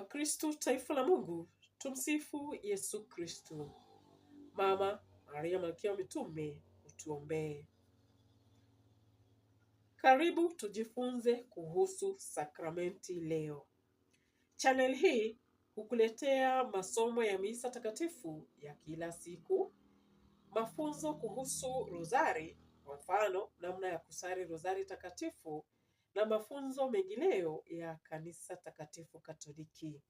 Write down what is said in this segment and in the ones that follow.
Kristo, taifa la Mungu, tumsifu Yesu Kristo. Mama Maria malkia wa mitume, utuombee. Karibu tujifunze kuhusu sakramenti leo. Channel hii hukuletea masomo ya misa takatifu ya kila siku, mafunzo kuhusu rozari, kwa mfano namna ya kusali rozari takatifu na mafunzo mengineyo ya Kanisa Takatifu Katoliki.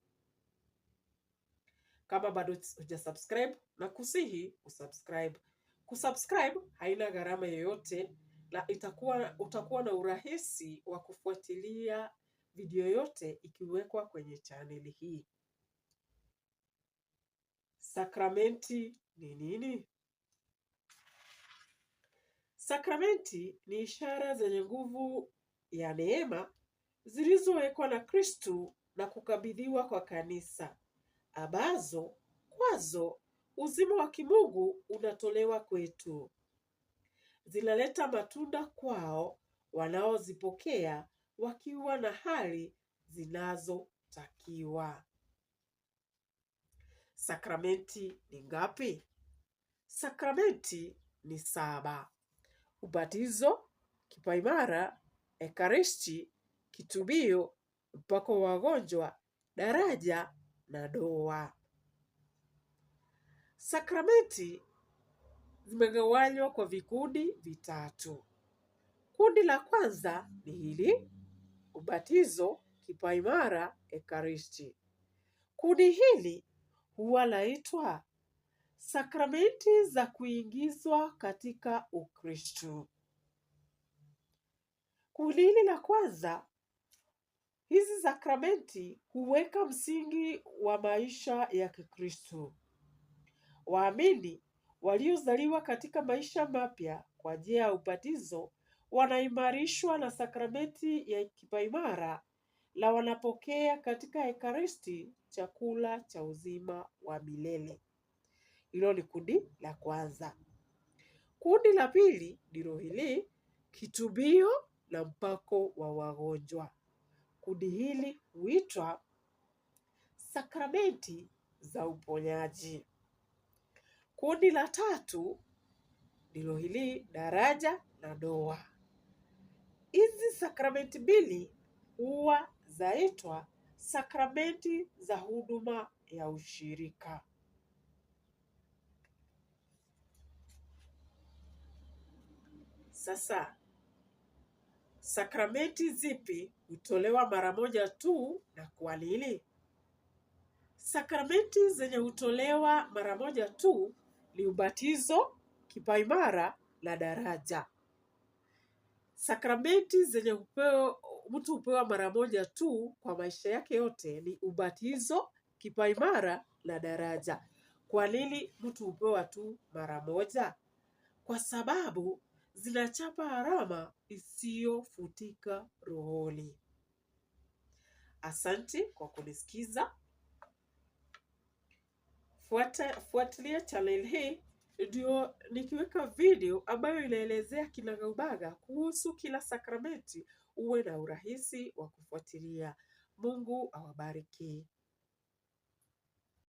Kama bado hujasubscribe, na kusihi usubscribe. Kusubscribe haina gharama yoyote na itakuwa utakuwa na urahisi wa kufuatilia video yote ikiwekwa kwenye chaneli hii. Sakramenti ni nini? Sakramenti ni ishara zenye nguvu ya neema zilizowekwa na Kristu na kukabidhiwa kwa kanisa, ambazo kwazo uzima wa kimungu unatolewa kwetu. Zinaleta matunda kwao wanaozipokea wakiwa na hali zinazotakiwa. Sakramenti ni ngapi? Sakramenti ni saba: ubatizo, kipaimara, Ekaristi, kitubio, mpako wagonjwa, daraja na doa. Sakramenti zimegawanywa kwa vikundi vitatu. Kundi la kwanza ni hili: ubatizo, kipaimara, ekaristi. Kundi hili huwa laitwa sakramenti za kuingizwa katika Ukristo. Kundi hili la kwanza, hizi sakramenti huweka msingi wa maisha ya Kikristo. Waamini waliozaliwa katika maisha mapya kwa njia ya ubatizo wanaimarishwa na sakramenti ya kipaimara na wanapokea katika Ekaristi chakula cha uzima wa milele. Hilo ni kundi la kwanza. Kundi la pili ndilo hili, kitubio na mpako wa wagonjwa. Kundi hili huitwa sakramenti za uponyaji. Kundi la tatu ndilo hili daraja na doa. Hizi sakramenti mbili huwa zaitwa sakramenti za huduma ya ushirika. Sasa Sakramenti zipi hutolewa mara moja tu na kwa nini? Sakramenti zenye hutolewa mara moja tu ni ubatizo, kipaimara na daraja. Sakramenti zenye mtu hupewa mara moja tu kwa maisha yake yote ni ubatizo, kipaimara na daraja. Kwa nini mtu hupewa tu mara moja? Kwa sababu zinachapa alama isiyofutika rohoni. Asante kwa kunisikiza. Fuata, fuatilia channel hii ndio nikiweka video ambayo inaelezea kinagaubaga kuhusu kila sakramenti uwe na urahisi wa kufuatilia. Mungu awabariki.